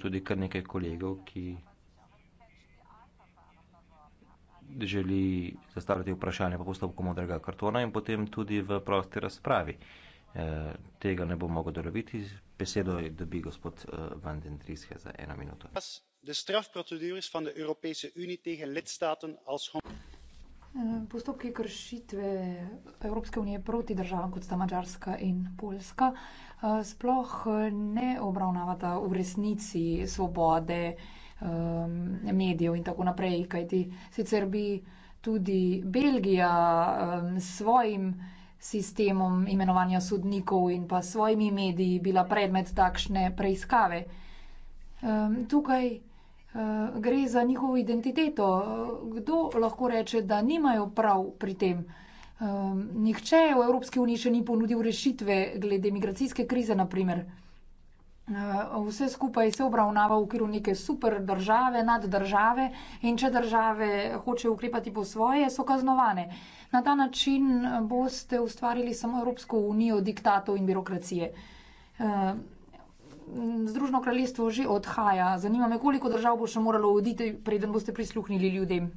tudi kar nekaj kolegov, ki želi zastavljati vprašanje po postopku modrega kartona in potem tudi v prosti razpravi. E, tega ne bo mogel doroviti. Besedo je, da bi gospod uh, Van den Drieske za eno minuto. De strafprocedures van de Europese Unie tegen lidstaten als Hongkong. Postopki kršitve Evropske unije proti državam, kot sta Mačarska in Poljska, eh, sploh ne obravnavata v resnici svobode eh, medijev in tako naprej, kajti sicer bi tudi Belgija eh, s svojim sistemom imenovanja sodnikov in pa svojimi mediji bila predmet takšne preiskave. Tukaj Eh, gre za njihovo identiteto. Kdo lahko reče, da nimajo prav pri tem? Eh, nihče v Evropski uniji še ni ponudil rešitve glede migracijske krize, naprimer. Eh, vse skupaj se obravnava v okviru neke super države, nad države in če države hoče ukrepati po svoje, so kaznovane. Na ta način boste ustvarili samo Evropsko unijo diktatov in birokracije. Mm, Združeno kraljestvo že odhaja. Zanima me, koliko držav bo še moralo oditi, preden boste prisluhnili ljudem.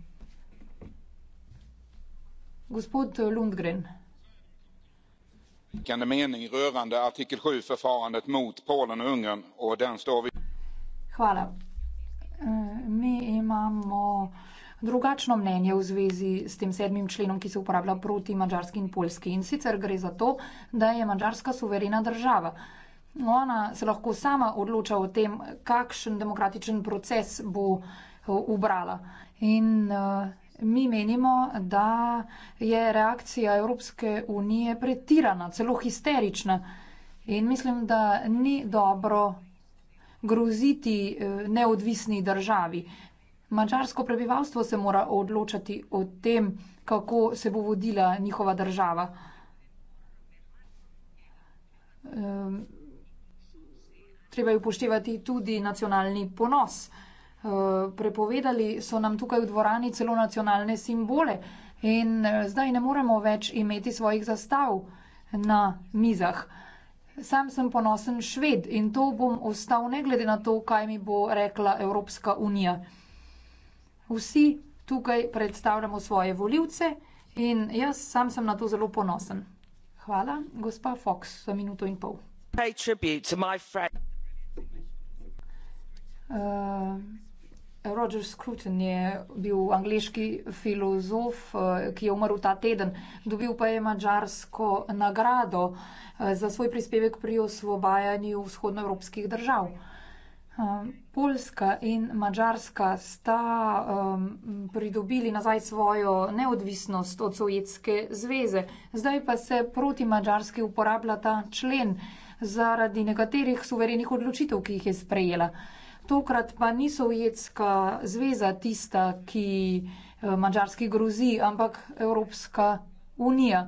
Gospod Lundgren. Hvala. Eh, mi imamo drugačno mnenje v zvezi s tem sedmim členom, ki se uporablja proti Mačarski in Poljski. In sicer gre za to, da je Mačarska suverena država ona se lahko sama odloča o tem, kakšen demokratičen proces bo eh, ubrala. In eh, mi menimo, da je reakcija Evropske unije pretirana, celo histerična. In mislim, da ni dobro groziti eh, neodvisni državi. Mačarsko prebivalstvo se mora odločati o tem, kako se bo vodila njihova država. Ehm, treba je upoštevati tudi nacionalni ponos. Eh, prepovedali so nam tukaj v dvorani celo nacionalne simbole in eh, zdaj ne moremo več imeti svojih zastav na mizah. Sam sem ponosen šved in to bom ostal ne glede na to, kaj mi bo rekla Evropska unija. Vsi tukaj predstavljamo svoje voljivce in jaz sam sem na to zelo ponosen. Hvala, gospa Fox, za minuto in pol. Eh, Roger Scruton je bil angliški filozof, eh, ki je umrl ta teden. Dobil pa je mačarsko nagrado eh, za svoj prispevek pri osvobajanju vzhodnoevropskih držav. Poljska in mačarska sta pridobili nazaj svojo neodvisnost od Sovjetske zveze. Zdaj pa se proti mačarski uporablja ta člen zaradi nekaterih suverenih odločitev, ki jih je sprejela. Tokrat pa ni Sovjetska zveza tista, ki eh, Mačarski grozi, ampak Evropska unija.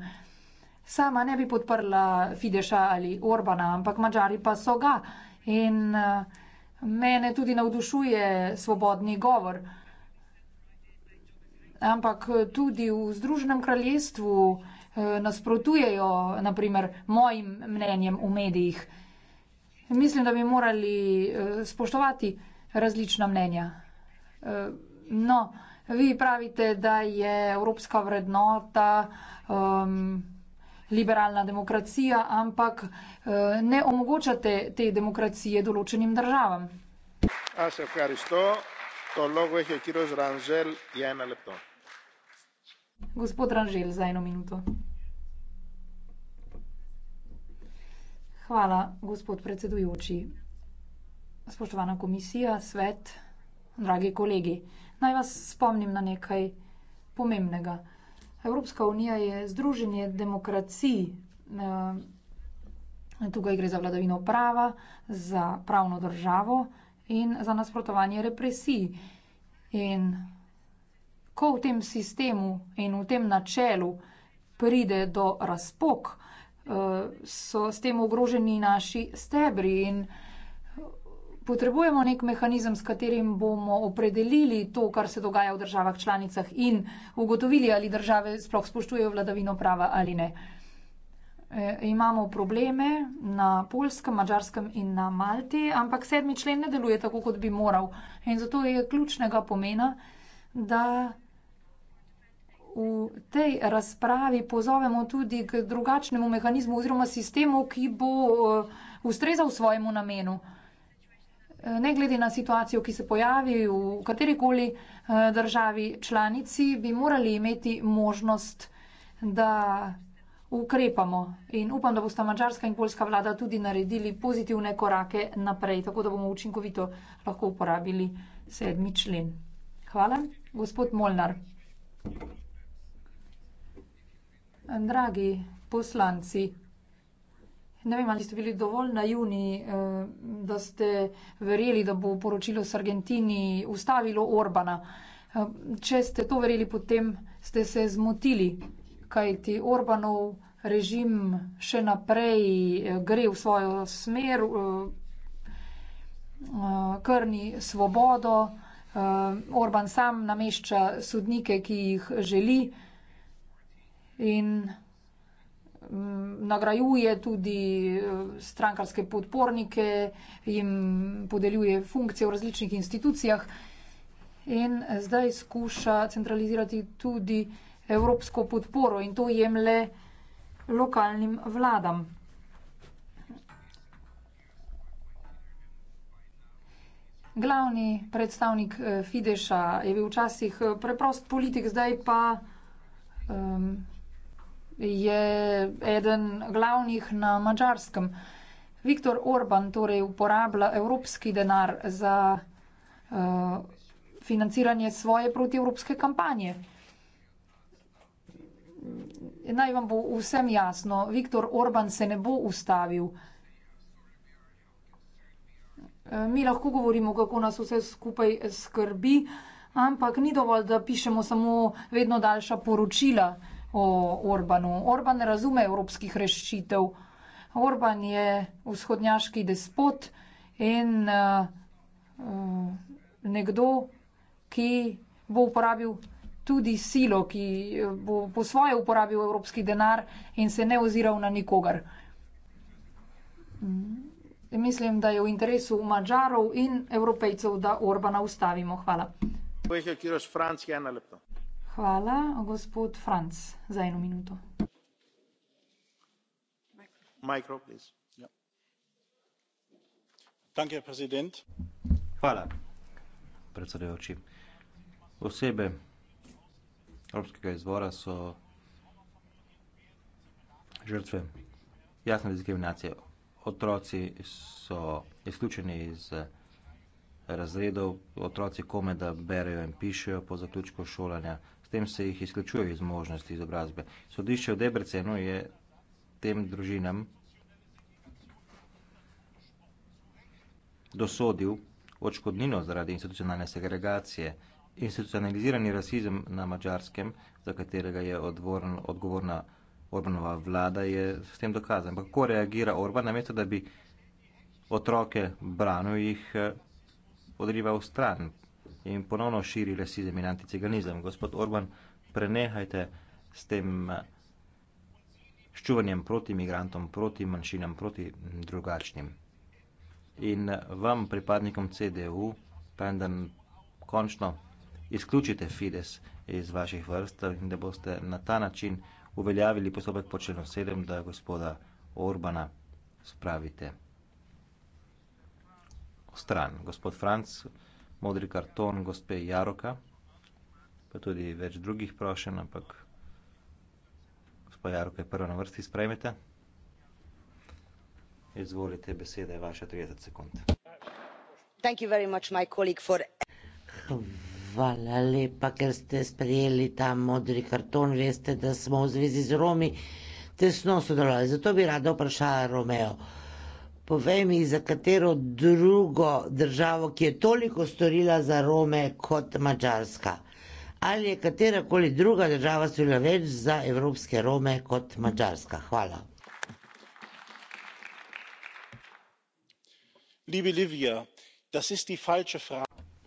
Sama ne bi podprla Fideša ali Orbana, ampak Mačari pa so ga. In eh, mene tudi navdušuje svobodni govor. Ampak eh, tudi v Združenem kraljestvu nasprotujejo, naprimer, mojim mnenjem v medijih. Mislim, da bi morali eh, spoštovati različna mnenja. Eh, no, vi pravite, da je evropska vrednota um, liberalna demokracija, ampak eh, ne omogočate te demokracije določenim državam. Ah, Gospod Ranžel, za eno minuto. Hvala, gospod predsedujoči. Spoštovana komisija, svet, dragi kolegi. Naj vas spomnim na nekaj pomembnega. Evropska unija je združenje demokracij, eh, tukaj gre za vladavino prava, za pravno državo in za nasprotovanje represiji. In ko v tem sistemu in v tem načelu pride do razpok, so s tem ogroženi naši stebri in potrebujemo nek mehanizem, s katerim bomo opredelili to, kar se dogaja v državah članicah in ugotovili, ali države sploh spoštujejo vladavino prava ali ne. E, imamo probleme na Poljskem, Mačarskem in na Malti, ampak sedmi člen ne deluje tako, kot bi moral. In zato je ključnega pomena, da v tej razpravi pozovemo tudi k drugačnemu mehanizmu oziroma sistemu, ki bo eh, ustrezal svojemu namenu. Eh, ne glede na situacijo, ki se pojavi v katerikoli eh, državi članici, bi morali imeti možnost, da ukrepamo. In upam, da bosta mađarska in poljska vlada tudi naredili pozitivne korake naprej, tako da bomo učinkovito lahko uporabili sedmi člen. Hvala. Gospod Molnar. Dragi poslanci, ne vem, ali ste bili dovolj naivni, eh, da ste verjeli, da bo poročilo s Argentini ustavilo Orbana. Eh, če ste to verjeli, potem ste se zmotili, kajti Orbanov režim še naprej eh, gre v svojo smer, krni svobodo. Orban sam namešča sodnike, ki jih želi in mm, nagrajuje tudi eh, strankarske podpornike, jim podeljuje funkcije v različnih institucijah in zdaj skuša centralizirati tudi evropsko podporo in to jemlje lokalnim vladam. Glavni predstavnik eh, Fidesa je bil včasih eh, preprost politik, zdaj pa um, je eden glavnih na mačarskem. Viktor Orban torej uporablja evropski denar za uh, financiranje svoje protievropske kampanje. Naj vam bo vsem jasno, Viktor Orban se ne bo ustavil. Eh, mi lahko govorimo, kako nas vse skupaj skrbi, ampak ni dovolj, da pišemo samo vedno daljša poročila o Orbanu. Orban razume evropskih rešitev. Orban je vzhodnjaški despot in uh, uh, nekdo, ki bo uporabil tudi silo, ki eh, bo po svoje uporabil evropski denar in se ne oziral na nikogar. Mm, mislim, da je v interesu Mačarov in Evropejcev, da Orbana ustavimo. Hvala. Hvala. Hvala. Gospod Franc, za eno minuto. Ja. Hvala, predsedujoči. Osebe romskega izvora so žrtve jasne diskriminacije. Otroci so izključeni iz razredov, otroci komajda berejo in pišejo po zaključku šolanja tem se jih izključuje iz možnosti izobrazbe. Sodišče v Debrecenu je tem družinam dosodil očkodnino zaradi institucionalne segregacije. Institucionalizirani rasizem na mačarskem, za katerega je odvorn, odgovorna Orbanova vlada, je s tem dokazan. Kako reagira Orban, namesto da bi otroke branil, jih eh, odriva v stran, in ponovno širi rasizem in anticiganizem. Gospod Orban, prenehajte s tem eh, ščuvanjem proti imigrantom, proti manjšinam, proti drugačnim. In eh, vam, pripadnikom CDU, pravim, da končno izključite Fides iz vaših vrst in da boste na ta način uveljavili postopek počeno sedem, da gospoda Orbana spravite stran. Gospod Franc, modri karton gospe Jaroka, pa tudi več drugih prošen, ampak gospod Jaroka je prva na vrsti, sprejmete. Izvolite besede, vaša 30 sekund. Thank you very much, my colleague, for... Hvala lepa, ker ste sprejeli ta modri karton. Veste, da smo v zvezi z Romi tesno sodelovali. Zato bi rada vprašala Romeo. Uh, Povej mi, za katero drugo državo, ki je toliko storila za Rome kot Mačarska? Ali je katerakoli druga država storila več za evropske Rome kot Mačarska? Hvala.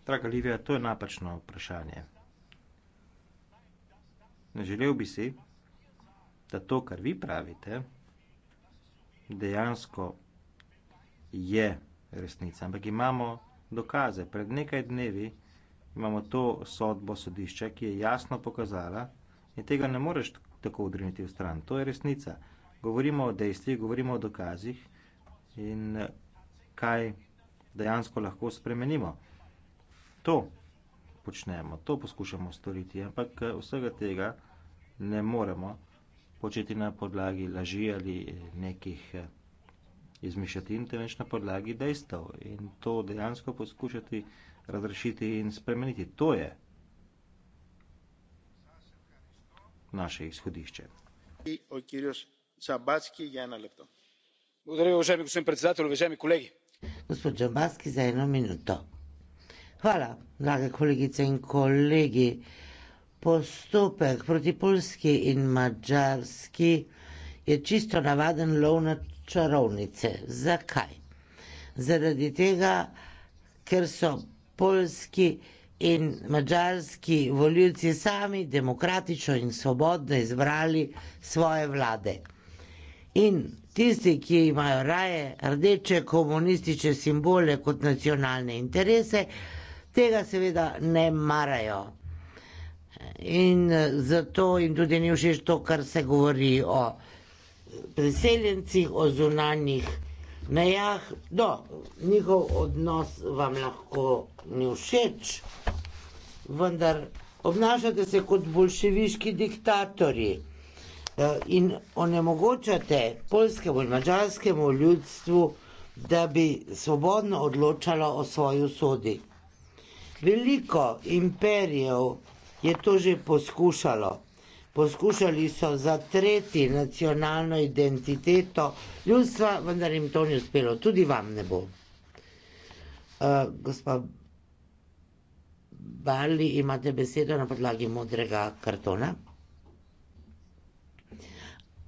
Draga Livija, to je napačno vprašanje. Ne želel bi si, da to, kar vi pravite, dejansko je resnica. Ampak imamo dokaze. Pred nekaj dnevi imamo to sodbo sodišča, ki je jasno pokazala in tega ne moreš tako odriniti v stran. To je resnica. Govorimo o dejstvih, govorimo o dokazih in kaj dejansko lahko spremenimo. To počnemo, to poskušamo storiti, ampak vsega tega ne moremo početi na podlagi laži ali nekih iz mešatin, temveč na podlagi dejstev in to dejansko poskušati razrešiti in spremeniti. To je naše izhodišče. Gospod Džambaski, za eno minuto. Hvala, drage kolegice in kolegi. Postopek proti polski in mačarski je čisto navaden lov na čarovnice. Zakaj? Zaradi tega, ker so polski in mađarski voljivci sami demokratično in svobodno izbrali svoje vlade. In tisti, ki imajo raje rdeče komunistične simbole kot nacionalne interese, tega seveda ne marajo. In eh, zato jim tudi ni všeč to, kar se govori o priseljencih, o zunanjih mejah. No, njihov odnos vam lahko ni všeč, vendar obnašate se kot bolševiški diktatorji eh, in onemogočate poljskemu in madžarskemu ljudstvu, da bi svobodno odločalo o svoji usodi. Veliko imperijev je to že poskušalo. Poskušali so zatreti nacionalno identiteto ljudstva, vendar jim to ni uspelo. Tudi vam ne bo. Uh, gospa Bali, imate besedo na podlagi modrega kartona.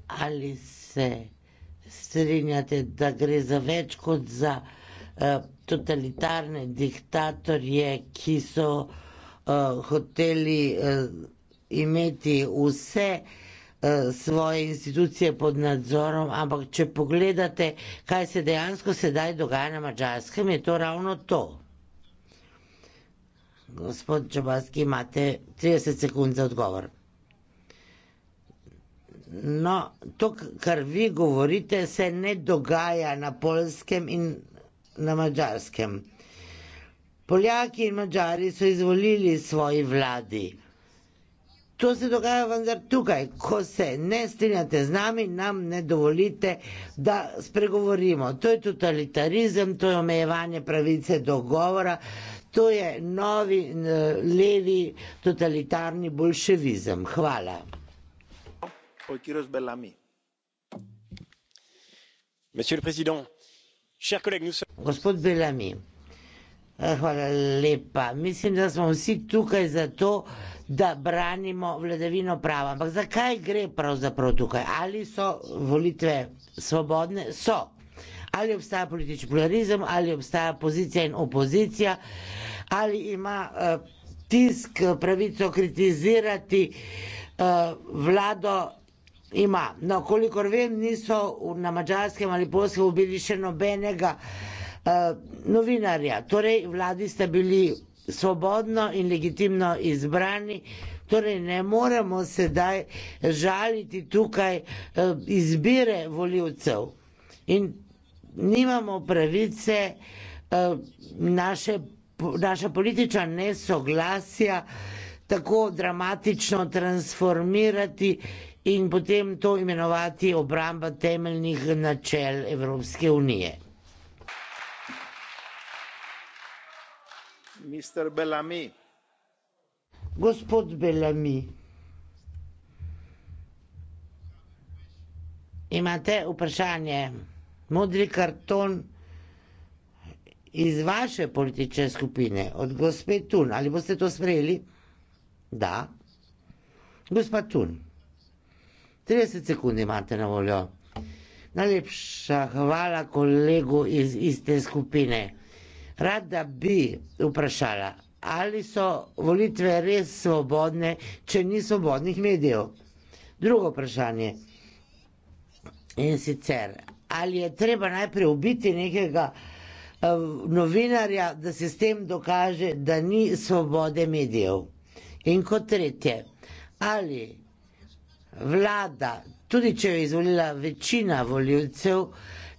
Ali se strinjate, da gre za več kot za uh, totalitarne diktatorje, ki so uh, hoteli. Uh, imeti vse eh, svoje institucije pod nadzorom, ampak če pogledate, kaj se dejansko sedaj dogaja na mačarskem, je to ravno to. Gospod Čabalski, imate 30 sekund za odgovor. No, to, kar vi govorite, se ne dogaja na polskem in na mačarskem. Poljaki in mačari so izvolili svoji vladi. To se dogaja vendar tukaj. Ko se ne strinjate z nami, nam ne dovolite, da spregovorimo. To je totalitarizem, to je omejevanje pravice dogovora, to je novi levi totalitarni bolševizem. Hvala. Gospod Belami, Eh, hvala lepa. Mislim, da smo vsi tukaj zato, da branimo vladavino prava. Ampak zakaj gre pravzaprav tukaj? Ali so volitve svobodne? So. Ali obstaja politični pluralizem, ali obstaja pozicija in opozicija, ali ima uh, tisk pravico kritizirati uh, vlado. Ima. No, kolikor vem, niso na mačarskem ali polskem ubili še nobenega uh, Eh, novinarja. Torej, vladi ste bili svobodno in legitimno izbrani, torej ne moremo sedaj žaliti tukaj uh, izbire voljivcev in nimamo pravice uh, naše, po, naša politična nesoglasja tako dramatično transformirati in potem to imenovati obramba temeljnih načel Evropske unije. gospod Bellamy, imate vprašanje? Modri karton iz vaše politične skupine, od gospe Tun. Ali boste to sprejeli? Da. Gospa Tun, 30 sekund imate na voljo. Najlepša hvala kolegu iz iste skupine. Rada bi vprašala, ali so volitve res svobodne, če ni svobodnih medijev? Drugo vprašanje in sicer, ali je treba najprej ubiti nekega eh, novinarja, da se s tem dokaže, da ni svobode medijev? In kot tretje, ali vlada, tudi če je izvolila večina voljivcev,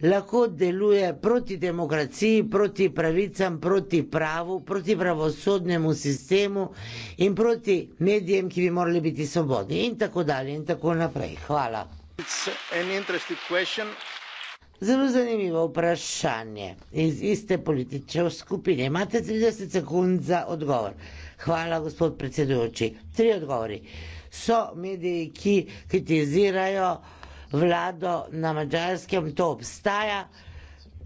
lahko deluje proti demokraciji, proti pravicam, proti pravu, proti pravosodnemu sistemu in proti medijem, ki bi morali biti svobodni in tako dalje in tako naprej. Hvala. Zelo zanimivo vprašanje iz iste politične skupine. Imate 30 sekund za odgovor. Hvala, gospod predsedujoči. Tri odgovori. So mediji, ki kritizirajo vlado na mačarskem to obstaja.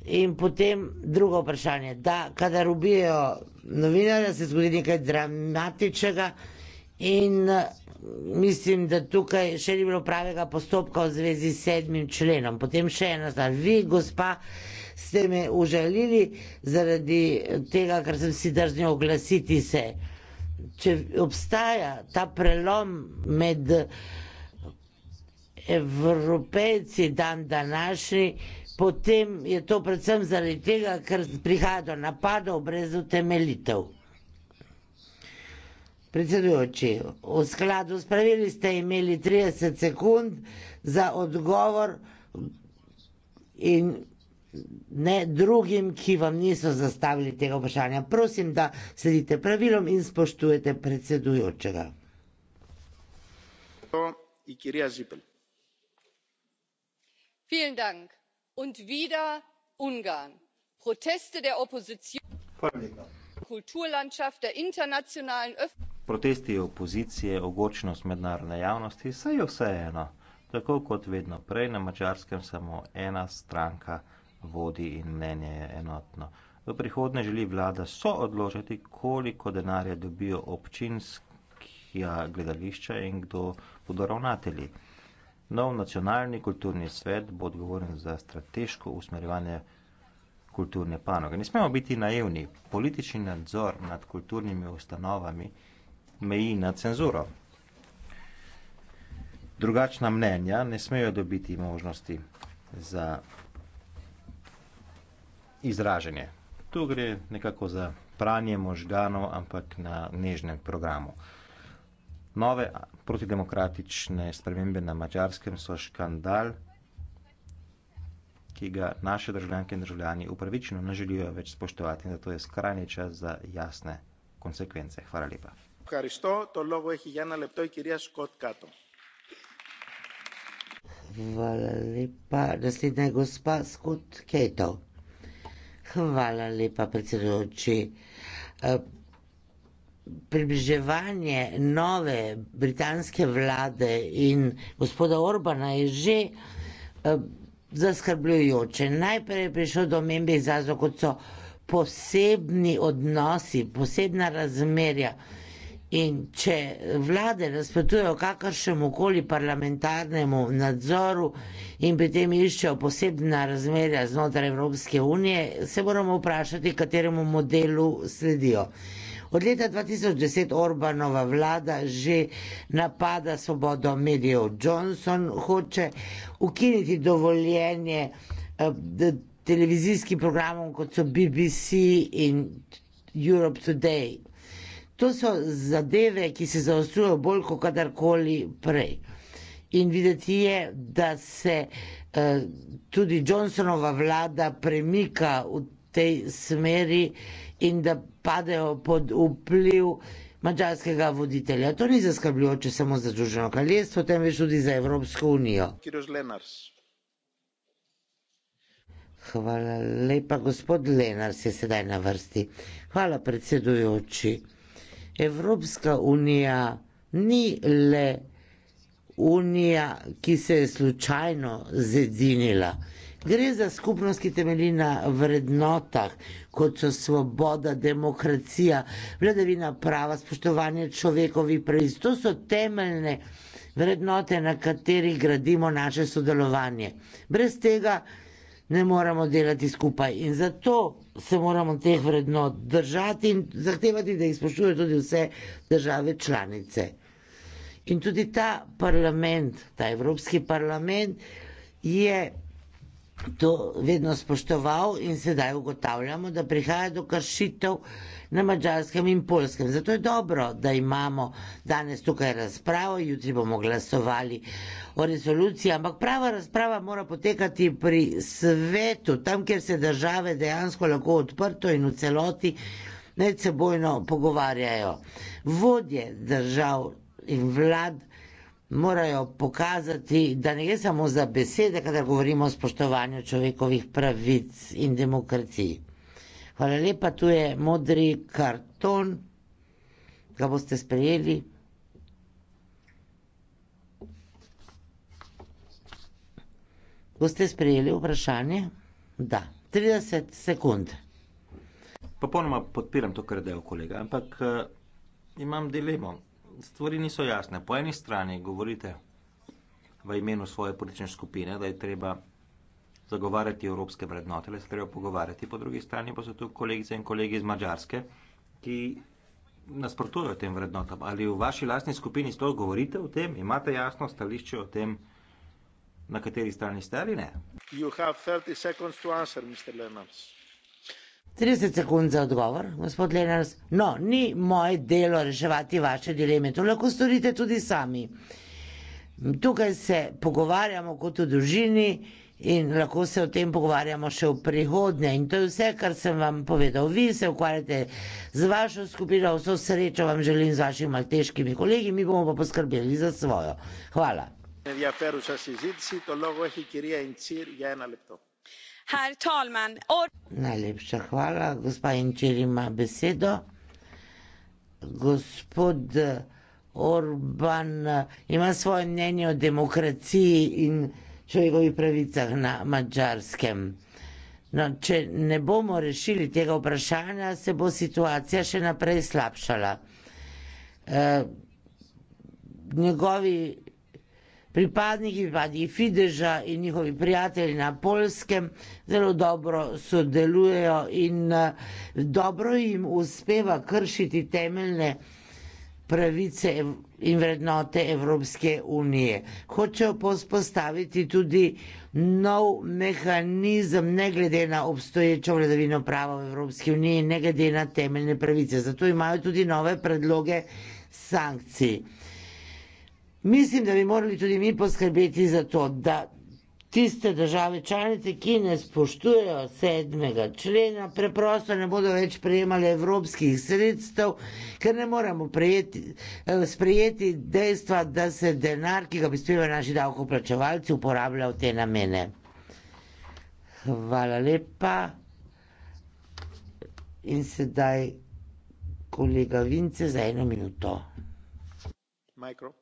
In potem drugo vprašanje, da kadar ubijajo novinarja, se zgodi nekaj dramatičnega in mislim, da tukaj še ni bilo pravega postopka v zvezi s sedmim členom. Potem še ena stvar. Vi, gospa, ste me užalili zaradi tega, ker sem si drznil oglasiti se. Če obstaja ta prelom med evropejci dan današnji, potem je to predvsem zaradi tega, ker prihaja do napadov brez utemeljitev. Predsedujoči, v skladu s pravili ste imeli 30 sekund za odgovor in ne drugim, ki vam niso zastavili tega vprašanja. Prosim, da sledite pravilom in spoštujete predsedujočega. Ikirija Zipel herr präsident! und wieder ungarn proteste der opposition kulturlandschaft der internationalen öffentlichkeit. V prihodnje želi vlada soodločati, koliko denarja dobijo občinska gledališča in kdo bodo ravnatelji. Nov nacionalni kulturni svet bo odgovoren za strateško usmerjevanje kulturne panoge. Ne smemo biti naivni. Politični nadzor nad kulturnimi ustanovami meji na cenzuro. Drugačna mnenja ne smejo dobiti možnosti za izraženje. Tu gre nekako za pranje možganov, ampak na nežnem programu. Nove protidemokratične spremembe na mačarskem so škandal, ki ga naše državljanke in državljani upravičeno ne želijo več spoštovati in zato je skrajni čas za jasne konsekvence. Hvala lepa. Hvala lepa. Naslednja je gospa Scott Cato. Hvala lepa, predsedujoči približevanje nove britanske vlade in gospoda Orbana je že eh, zaskrbljujoče. Najprej je prišlo do omembe izrazo, kot so posebni odnosi, posebna razmerja. In če vlade nasprotujejo kakršnemu koli parlamentarnemu nadzoru in pri tem iščejo posebna razmerja znotraj Evropske unije, se moramo vprašati, kateremu modelu sledijo. Od leta 2010 Orbanova vlada že napada svobodo medijev. Johnson hoče ukiniti dovoljenje eh, televizijskim programom, kot so BBC in Europe Today. To so zadeve, ki se zaostrujejo bolj kot kadarkoli prej. In videti je, da se uh, tudi Johnsonova vlada premika v tej smeri in da padejo pod vpliv mađarskega voditelja. To ni zaskrbljujoče samo za Združeno kraljestvo, temveč tudi za Evropsko unijo. Hvala lepa, gospod Lenars je sedaj na vrsti. Hvala, predsedujoči. Evropska unija ni le unija, ki se je slučajno zedinila. Gre za skupnost, ki temelji na vrednotah, kot so svoboda, demokracija, vladavina prava, spoštovanje človekovih pravic. To so temeljne vrednote, na katerih gradimo naše sodelovanje. Brez tega ne moramo delati skupaj in zato se moramo teh vrednot držati in zahtevati, da jih spoštuje tudi vse države članice. In tudi ta parlament, ta Evropski parlament, je to vedno spoštoval in sedaj ugotavljamo, da prihaja do kršitev na mačarskem in polskem. Zato je dobro, da imamo danes tukaj razpravo, jutri bomo glasovali o resoluciji, ampak prava razprava mora potekati pri svetu, tam, kjer se države dejansko lahko odprto in v celoti medsebojno pogovarjajo. Vodje držav in vlad morajo pokazati, da ne gre samo za besede, kada govorimo o spoštovanju človekovih pravic in demokraciji. Hvala lepa, tu je modri karton, ga boste sprejeli. Boste sprejeli vprašanje? Da, 30 sekund. Popolnoma podpiram to, kar je del kolega, ampak uh, imam dilemo stvari niso jasne. Po eni strani govorite v imenu svoje politične skupine, da je treba zagovarjati evropske vrednote, da se treba pogovarjati, po drugi strani pa so tu kolegice in kolegi iz Mačarske, ki nasprotujejo tem vrednotam. Ali v vaši lastni skupini sploh govorite o tem, imate jasno stališče o tem, na kateri strani ste ali ne? You have 30 seconds to answer, Mr. Lemans. 30 sekund za odgovor, gospod Lenars. No, ni moje delo reševati vaše dileme, to lahko storite tudi sami. Tukaj se pogovarjamo kot v družini in lahko se o tem pogovarjamo še v prihodnje. In to je vse, kar sem vam povedal. Vi se ukvarjate z vašo skupino, vso srečo vam želim z vašimi malteškimi kolegi, mi bomo pa poskrbeli za svojo. Hvala. Ja, peruša si zid, si to logo, ki je in cir, je ja, ena lepto. Herr Talman. Or Najlepša hvala, gospa Inčer ima besedo. Gospod Orban ima svoje mnenje o demokraciji in človekovih pravicah na mačarskem. No, če ne bomo rešili tega vprašanja, se bo situacija še naprej slabšala. Uh, njegovi Pripadniki pripadi Fideža in njihovi prijatelji na polskem zelo dobro sodelujejo in eh, dobro jim uspeva kršiti temeljne pravice in vrednote Evropske unije. Hočejo pospostaviti tudi nov mehanizem, ne glede na obstoječo vladavino prava v Evropski uniji, ne glede na temeljne pravice. Zato imajo tudi nove predloge sankcij. Mislim, da bi morali tudi mi poskrbeti za to, da tiste države članice, ki ne spoštujejo sedmega člena, preprosto ne bodo več prejemali evropskih sredstev, ker ne moremo prejeti, eh, sprejeti dejstva, da se denar, ki ga bi spremljali naši davkoplačevalci, uporablja v te namene. Hvala lepa. In sedaj kolega Vince za eno minuto. Mikrofon.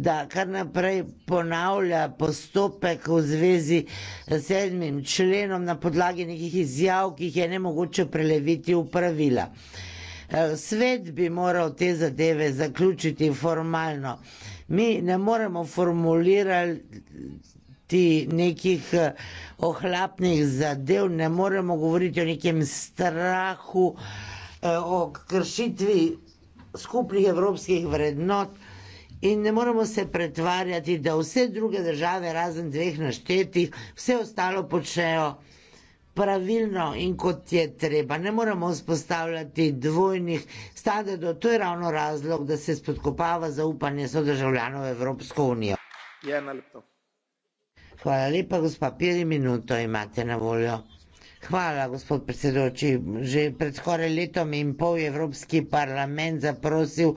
da kar naprej ponavlja postopek v zvezi s sedmim členom na podlagi nekih izjav, ki jih je ne mogoče preleviti v pravila. Eh, svet bi moral te zadeve zaključiti formalno. Mi ne moremo formulirati nekih eh, ohlapnih zadev, ne moremo govoriti o nekem strahu, eh, o kršitvi skupnih evropskih vrednot. In ne moramo se pretvarjati, da vse druge države, razen dveh naštetih, vse ostalo počnejo pravilno in kot je treba. Ne moramo vzpostavljati dvojnih standardov. To je ravno razlog, da se spodkopava zaupanje sodržavljanov Evropsko unijo. Je ja, najlepša. Hvala lepa, gospod Piri, minuto imate na voljo. Hvala, gospod predsedoči. Že pred skoraj letom in pol je Evropski parlament zaprosil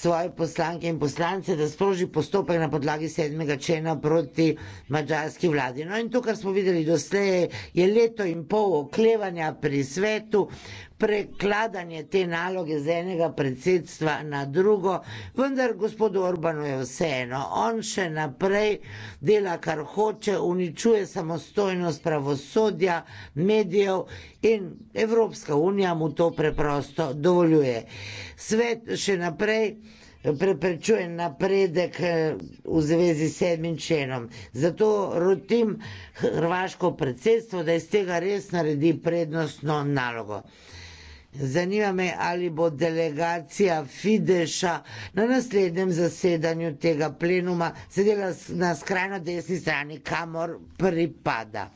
svoje poslanke in poslance, da sproži postopek na podlagi sedmega člena proti mađarski vladi. No in to, kar smo videli doslej, je leto in pol oklevanja pri svetu, prekladanje te naloge z enega predsedstva na drugo, vendar gospodu Orbanu je vseeno. On še naprej dela, kar hoče, uničuje samostojnost pravosodja, medijev in Evropska unija mu to preprosto dovoljuje. Svet še naprej preprečuje napredek eh, v zvezi s sedmim členom. Zato rotim hrvaško predsedstvo, da iz tega res naredi prednostno nalogo. Zanima me, ali bo delegacija Fideša na naslednjem zasedanju tega plenuma sedela na skrajno desni strani, kamor pripada.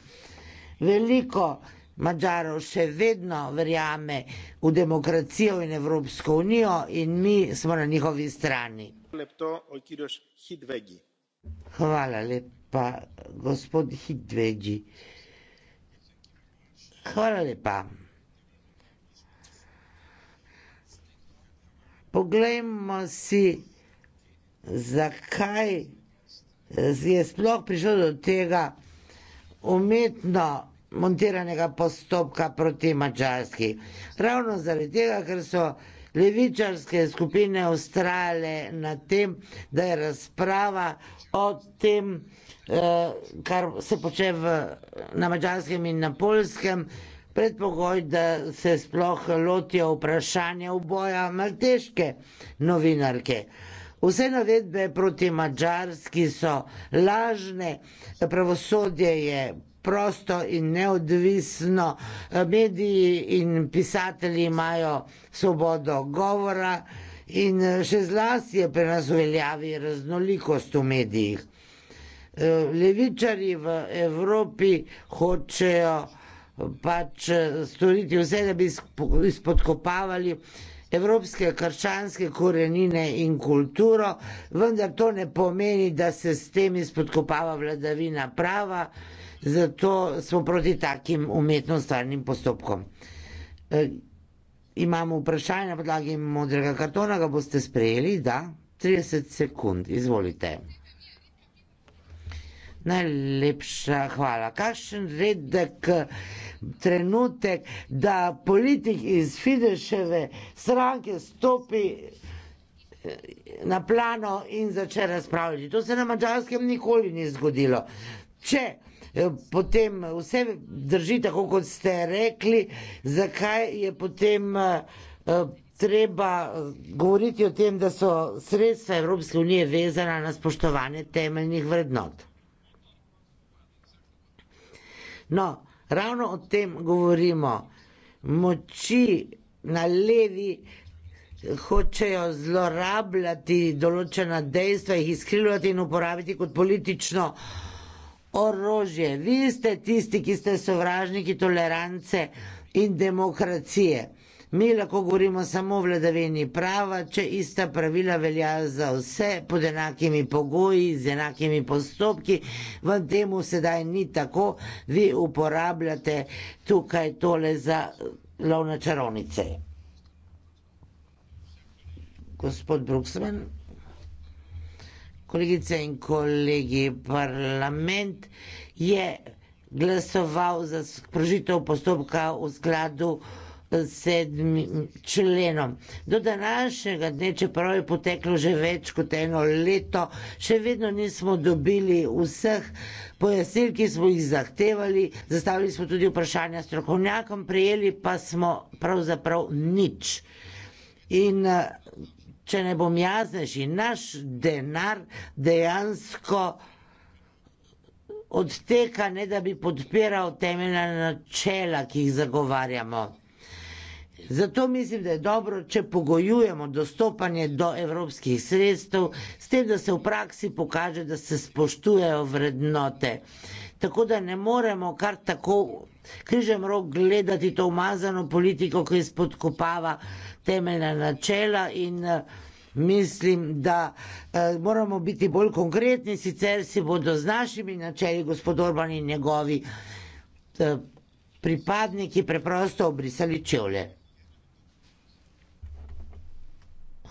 Veliko Mačarov še vedno verjame v demokracijo in Evropsko unijo, in mi smo na njihovi strani. Hvala lepa, gospod Hidvegi. Hvala lepa. Poglejmo si, zakaj je sploh prišlo do tega umetno montiranega postopka proti mačarski. Ravno zaradi tega, ker so levičarske skupine ustrajale na tem, da je razprava o tem, eh, kar se počne na mačarskem in na polskem, predpogoj, da se sploh lotijo vprašanja uboja malteške novinarke. Vse navedbe proti Mačarski so lažne, pravosodje je prosto in neodvisno, mediji in pisatelji imajo svobodo govora in še zlasti je pri nas uveljavi raznolikost v medijih. Levičari v Evropi hočejo pač eh, storiti vse, da bi izpodkopavali evropske krščanske korenine in kulturo, vendar to ne pomeni, da se s tem izpodkopava vladavina prava, zato smo proti takim umetno stvarnim postopkom. E, eh, imamo vprašanje na podlagi modrega kartona, ga boste sprejeli, da? 30 sekund, izvolite. Najlepša hvala. Kakšen redek eh, trenutek, da politik iz Fideševe stranke stopi eh, na plano in začne razpravljati. To se na mačarskem nikoli ni zgodilo. Če eh, potem vse drži tako, kot ste rekli, zakaj je potem treba govoriti o tem, da so sredstva Evropske unije vezana na spoštovanje temeljnih vrednot? No, ravno o tem govorimo. Moči na levi hočejo zlorabljati določena dejstva, jih izkrivljati in uporabiti kot politično orožje. Vi ste tisti, ki ste sovražniki tolerance in demokracije. Mi lahko govorimo samo o vladavini prava, če ista pravila velja za vse pod enakimi pogoji, z enakimi postopki, vam temu sedaj ni tako, vi uporabljate tukaj tole za lovne čarovnice. Gospod Bruksman, kolegice in kolegi, parlament je glasoval za sprožitev postopka v skladu sedmim členom. Do današnjega dne, čeprav je poteklo že več kot eno leto, še vedno nismo dobili vseh pojasnil, ki smo jih zahtevali, zastavili smo tudi vprašanja strokovnjakom, prejeli pa smo pravzaprav nič. In če ne bom jaznejši, naš denar dejansko odteka, ne da bi podpiral temeljna načela, ki jih zagovarjamo. Zato mislim, da je dobro, če pogojujemo dostopanje do evropskih sredstev s tem, da se v praksi pokaže, da se spoštujejo vrednote. Tako da ne moremo kar tako križem rok gledati to umazano politiko, ki spodkopava temeljna načela in eh, mislim, da eh, moramo biti bolj konkretni, sicer si bodo z našimi načeli gospod Orban in njegovi eh, pripadniki preprosto obrisali čevlje.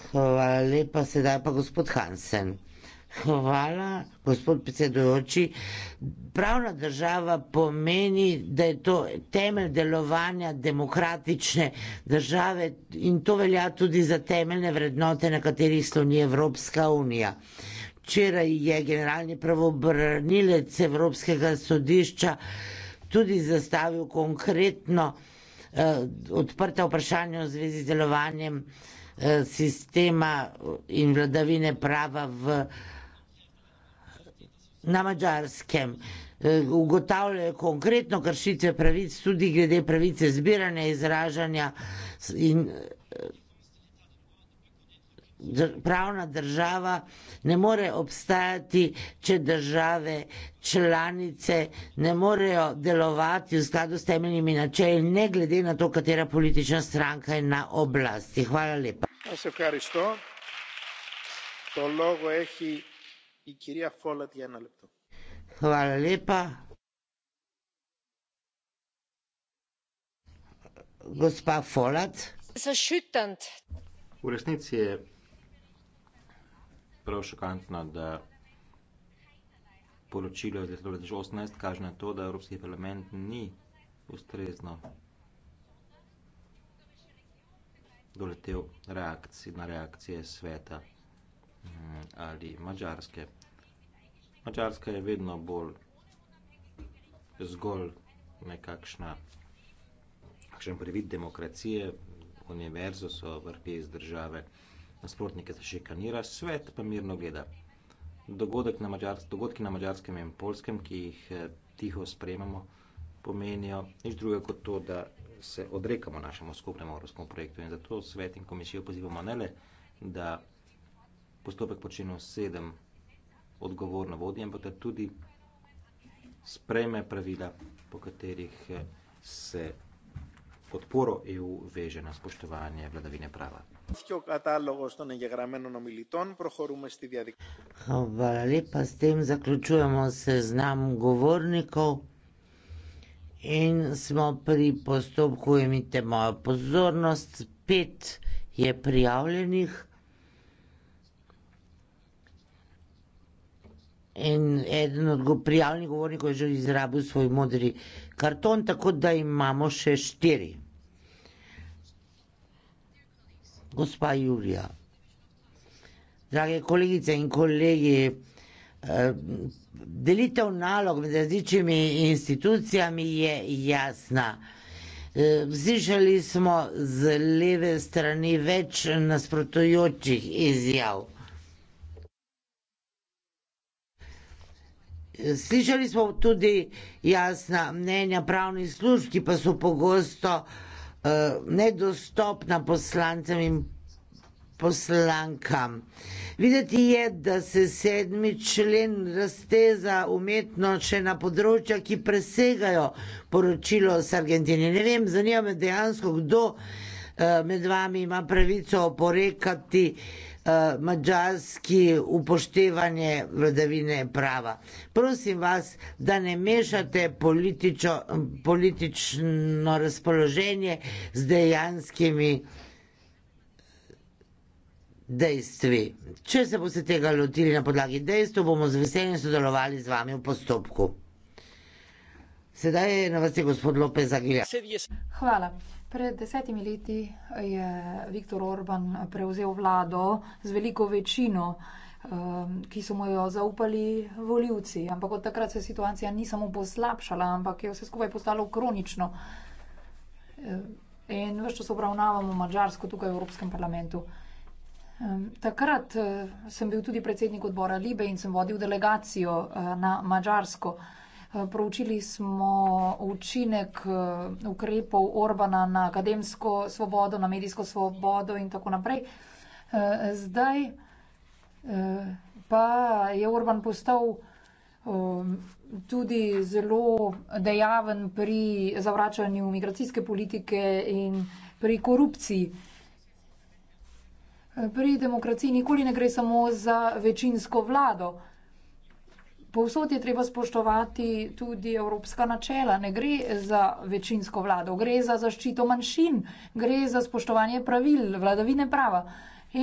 Hvala lepa, sedaj pa gospod Hansen. Hvala, gospod predsedujoči. Pravna država pomeni, da je to temelj delovanja demokratične države in to velja tudi za temeljne vrednote, na katerih sloni Evropska unija. Včeraj je generalni pravobranilec Evropskega sodišča tudi zastavil konkretno eh, odprta vprašanja v zvezi z delovanjem eh, Eh, sistema in vladavine prava v, na mačarskem. Eh, ugotavljajo konkretno kršitve pravic, tudi glede pravice zbiranja, izražanja in pravna država ne more obstajati, če države članice ne morejo delovati v skladu s temeljnimi načeli, ne glede na to, katera politična stranka je na oblasti. Hvala lepa. Hvala lepa. Gospa Folat. V resnici je prav šokantno, da poročilo iz leta 2018 kaže na to, da Evropski parlament ni ustrezno doletel reakcij, na reakcije sveta mm, ali mačarske. Mačarska je vedno bolj zgolj nekakšna kakšen privid demokracije, univerzo so vrhli iz države nasprotnike zašikanira, svet pa mirno gleda. Na mađars, dogodki na mačarskem in polskem, ki jih eh, tiho sprememo, pomenijo nič drugega kot to, da se odrekamo našemu skupnemu evropskemu projektu. In zato svet in komisijo pozivamo ne le, da postopek počne sedem odgovorno vodi, ampak da tudi sprejme pravila, po katerih eh, se podporo EU veže na spoštovanje vladavine prava. Hvala lepa, s tem zaključujemo seznam govornikov in smo pri postopku Imite mojo pozornost. Pet je prijavljenih. In eden od prijavljenih govornikov je že izrabil svoj modri karton, tako da imamo še štiri gospa Julija. Drage kolegice in kolegi, eh, delitev nalog med različnimi institucijami je jasna. Eh, slišali smo z leve strani več nasprotujočih izjav. Slišali smo tudi jasna mnenja pravnih služb, ki pa so pogosto uh, Eh, nedostopna poslancem in poslankam. Videti je, da se sedmi člen razteza umetno še na področja, ki presegajo poročilo s Argentini. Ne vem, zanima me dejansko, kdo eh, med vami ima pravico oporekati uh, Eh, mađarski upoštevanje vladavine prava. Prosim vas, da ne mešate političo, politično razpoloženje z dejanskimi dejstvi. Če se boste tega lotili na podlagi dejstva, bomo z veseljem sodelovali z vami v postopku. Sedaj je na vrsti gospod Lopez Aguilar. Hvala. Pred desetimi leti je Viktor Orban prevzel vlado z veliko večino, ehm, ki so mu jo zaupali voljivci. Ampak od takrat se situacija ni samo poslabšala, ampak je vse skupaj postalo kronično. Ehm, in vse čas obravnavamo Mačarsko tukaj v Evropskem parlamentu. Ehm, takrat eh, sem bil tudi predsednik odbora Libe in sem vodil delegacijo eh, na Mačarsko. Eh, proučili smo učinek eh, ukrepov Orbana na akademsko svobodo, na medijsko svobodo in tako naprej. Eh, zdaj pa je Orban postal tudi zelo dejaven pri zavračanju migracijske politike in pri korupciji. Pri demokraciji nikoli ne gre samo za večinsko vlado. Povsod je treba spoštovati tudi evropska načela. Ne gre za večinsko vlado, gre za zaščito manjšin, gre za spoštovanje pravil, vladavine prava.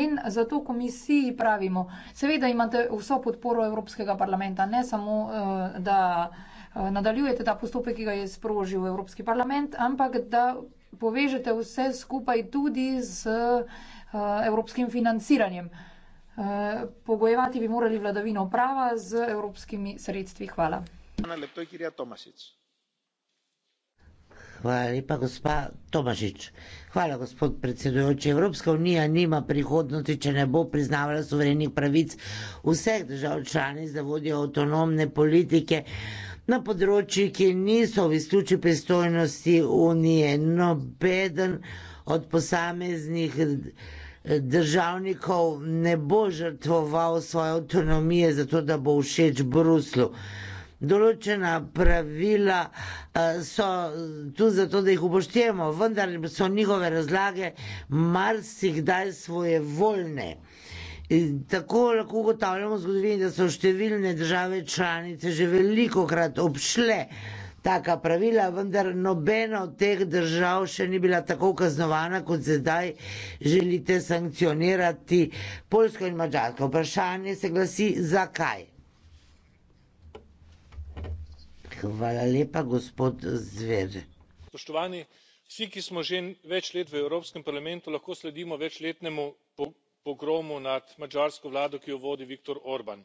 In zato komisiji pravimo, seveda imate vso podporo Evropskega parlamenta, ne samo, eh, da eh, nadaljujete ta postopek, ki ga je sprožil Evropski parlament, ampak da povežete vse skupaj tudi z eh, evropskim financiranjem pogojevati bi morali vladavino prava z evropskimi sredstvi. Hvala. Hvala lepa, gospa Tomašič. Hvala, gospod predsedujoči. Evropska unija nima prihodnosti, če ne bo priznavala suverenih pravic vseh držav članic, da vodijo avtonomne politike na področji, ki niso v izključni pristojnosti unije. Nobeden od posameznih državnikov ne bo žrtvoval svoje avtonomije, zato da bo všeč Bruslu. Določena pravila eh, so tu zato, da jih upoštevamo, vendar so njihove razlage marsikdaj svoje voljne. In tako lahko ugotavljamo v zgodovini, da so številne države članice že veliko krat obšle taka pravila, vendar nobena od teh držav še ni bila tako kaznovana, kot zdaj želite sankcionirati Poljsko in Mačarsko. Vprašanje se glasi, zakaj? Hvala lepa, gospod Zvere. Spoštovani, vsi, ki smo že več let v Evropskem parlamentu, lahko sledimo večletnemu pogromu nad mačarsko vlado, ki jo vodi Viktor Orban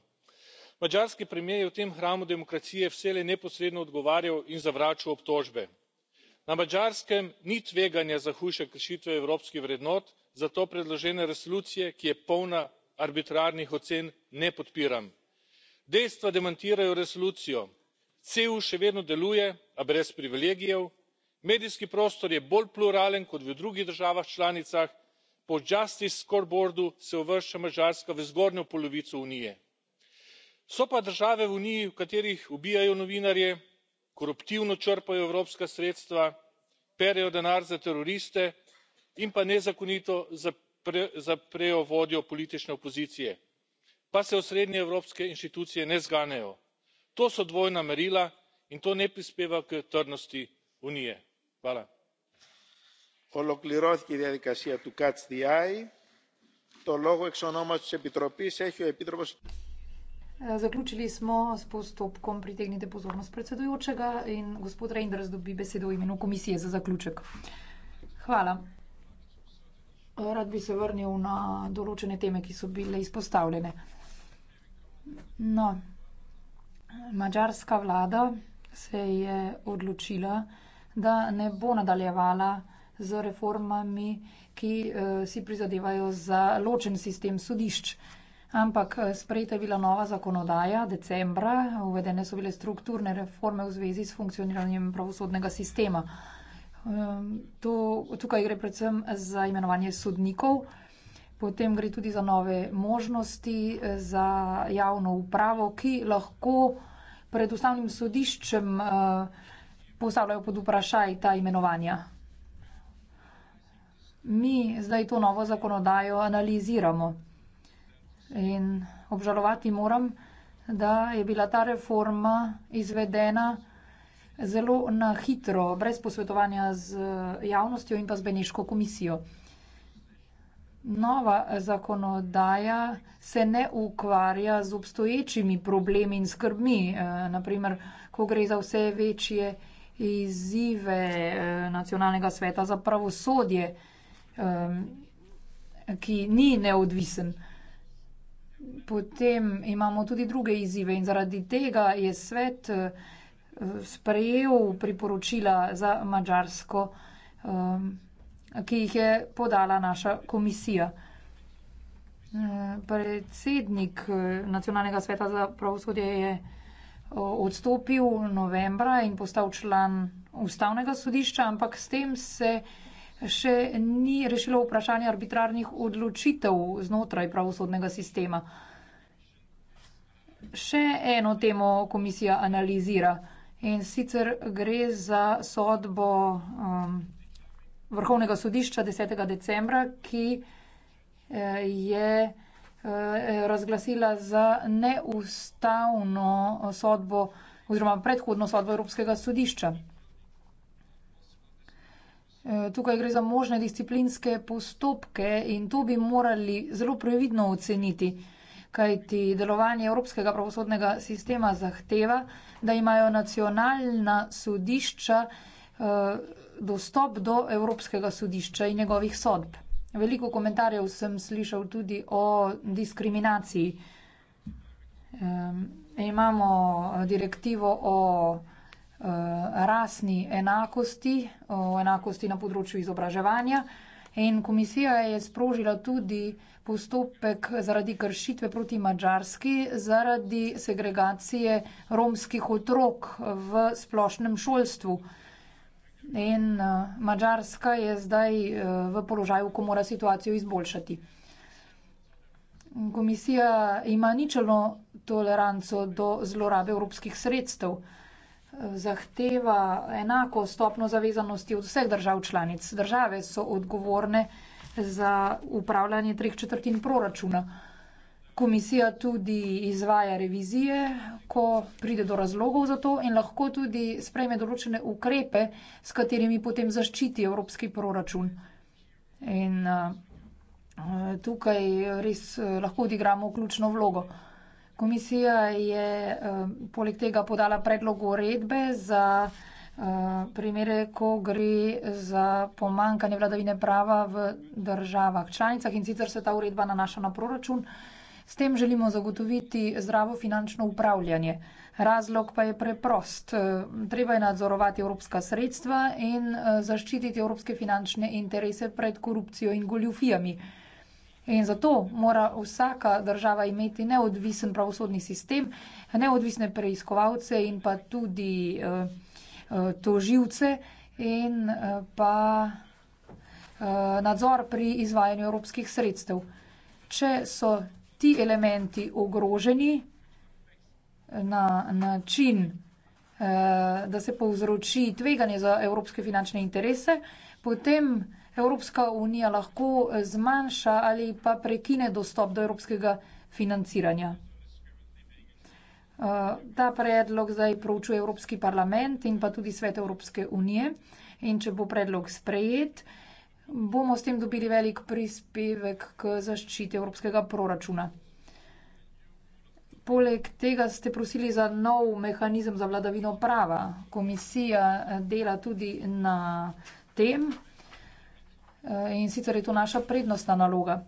madžarski premier je v tem hramu demokracije vselej neposredno odgovarjal in zavračal obtožbe. na madžarskem ni tveganja za hujše kršitve evropskih vrednot zato predložene resolucije ki je polna arbitrarnih ocen ne podpiram. dejstva demantirajo resolucijo ceu še vedno deluje a brez privilegijev medijski prostor je bolj pluralen kot v drugih državah članicah po justice scoreboardu se uvršča madžarska v zgornjo polovico unije so pa države v uniji v katerih ubijajo novinarje koruptivno črpajo evropska sredstva perejo denar za teroriste in pa nezakonito zaprejo vodjo politične opozicije pa se osrednje evropske inštitucije ne zganejo. to so dvojna merila in to ne prispeva k trdnosti unije. hvala. Eh, zaključili smo s postopkom, pritegnite pozornost predsedujočega in gospod Reinders dobi besedo v imenu komisije za zaključek. Hvala. Eh, rad bi se vrnil na določene teme, ki so bile izpostavljene. No, mađarska vlada se je odločila, da ne bo nadaljevala z reformami, ki eh, si prizadevajo za ločen sistem sodišč ampak eh, sprejeta je bila nova zakonodaja decembra, uvedene so bile strukturne reforme v zvezi s funkcioniranjem pravosodnega sistema. Ehm, to, tukaj gre predvsem za imenovanje sodnikov, potem gre tudi za nove možnosti eh, za javno upravo, ki lahko pred ustavnim sodiščem eh, postavljajo pod vprašaj ta imenovanja. Mi zdaj to novo zakonodajo analiziramo. In obžalovati moram, da je bila ta reforma izvedena zelo na hitro, brez posvetovanja z javnostjo in pa z Beneško komisijo. Nova zakonodaja se ne ukvarja z obstoječimi problemi in skrbmi, eh, naprimer, ko gre za vse večje izzive eh, Nacionalnega sveta za pravosodje, eh, ki ni neodvisen potem imamo tudi druge izzive in zaradi tega je svet eh, sprejel priporočila za Mačarsko, eh, ki jih je podala naša komisija. Eh, predsednik Nacionalnega sveta za pravosodje je odstopil novembra in postal član ustavnega sodišča, ampak s tem se še ni rešilo vprašanje arbitrarnih odločitev znotraj pravosodnega sistema. Še eno temo komisija analizira in sicer gre za sodbo um, Vrhovnega sodišča 10. decembra, ki eh, je eh, razglasila za neustavno sodbo oziroma predhodno sodbo Evropskega sodišča. Eh, tukaj gre za možne disciplinske postopke in to bi morali zelo previdno oceniti, kajti delovanje Evropskega pravosodnega sistema zahteva, da imajo nacionalna sodišča eh, dostop do Evropskega sodišča in njegovih sodb. Veliko komentarjev sem slišal tudi o diskriminaciji. Imamo direktivo o Eh, rasni enakosti, o enakosti na področju izobraževanja. In komisija je sprožila tudi postopek zaradi kršitve proti Mačarski, zaradi segregacije romskih otrok v splošnem šolstvu. In eh, Mačarska je zdaj eh, v položaju, ko mora situacijo izboljšati. Komisija ima ničelno toleranco do zlorabe evropskih sredstev zahteva enako stopno zavezanosti od vseh držav članic. Države so odgovorne za upravljanje treh četrtin proračuna. Komisija tudi izvaja revizije, ko pride do razlogov za to in lahko tudi sprejme določene ukrepe, s katerimi potem zaščiti evropski proračun. In uh, tukaj res eh, lahko odigramo ključno vlogo. Uh, Komisija je eh, poleg tega podala predlog uredbe za eh, primere, ko gre za pomankanje vladavine prava v državah članicah in sicer se ta uredba nanaša na proračun. S tem želimo zagotoviti zdravo finančno upravljanje. Razlog pa je preprost. Eh, treba je nadzorovati evropska sredstva in zaščititi evropske finančne interese pred korupcijo in goljufijami. In zato mora vsaka država imeti neodvisen pravosodni sistem, neodvisne preiskovalce in pa tudi eh, eh, toživce in eh, pa nadzor pri izvajanju evropskih sredstev. Če so ti elementi ogroženi na način, da se povzroči tveganje za evropske finančne interese, potem Evropska unija lahko eh, zmanjša ali pa prekine dostop do evropskega financiranja. Eh, ta predlog zdaj proučuje Evropski parlament in pa tudi Svet Evropske unije. In če bo predlog sprejet, bomo s tem dobili velik prispevek k zaščiti evropskega proračuna. Poleg tega ste prosili za nov mehanizem za vladavino prava. Komisija eh, dela tudi na tem. Eh, in sicer je to naša prednostna naloga.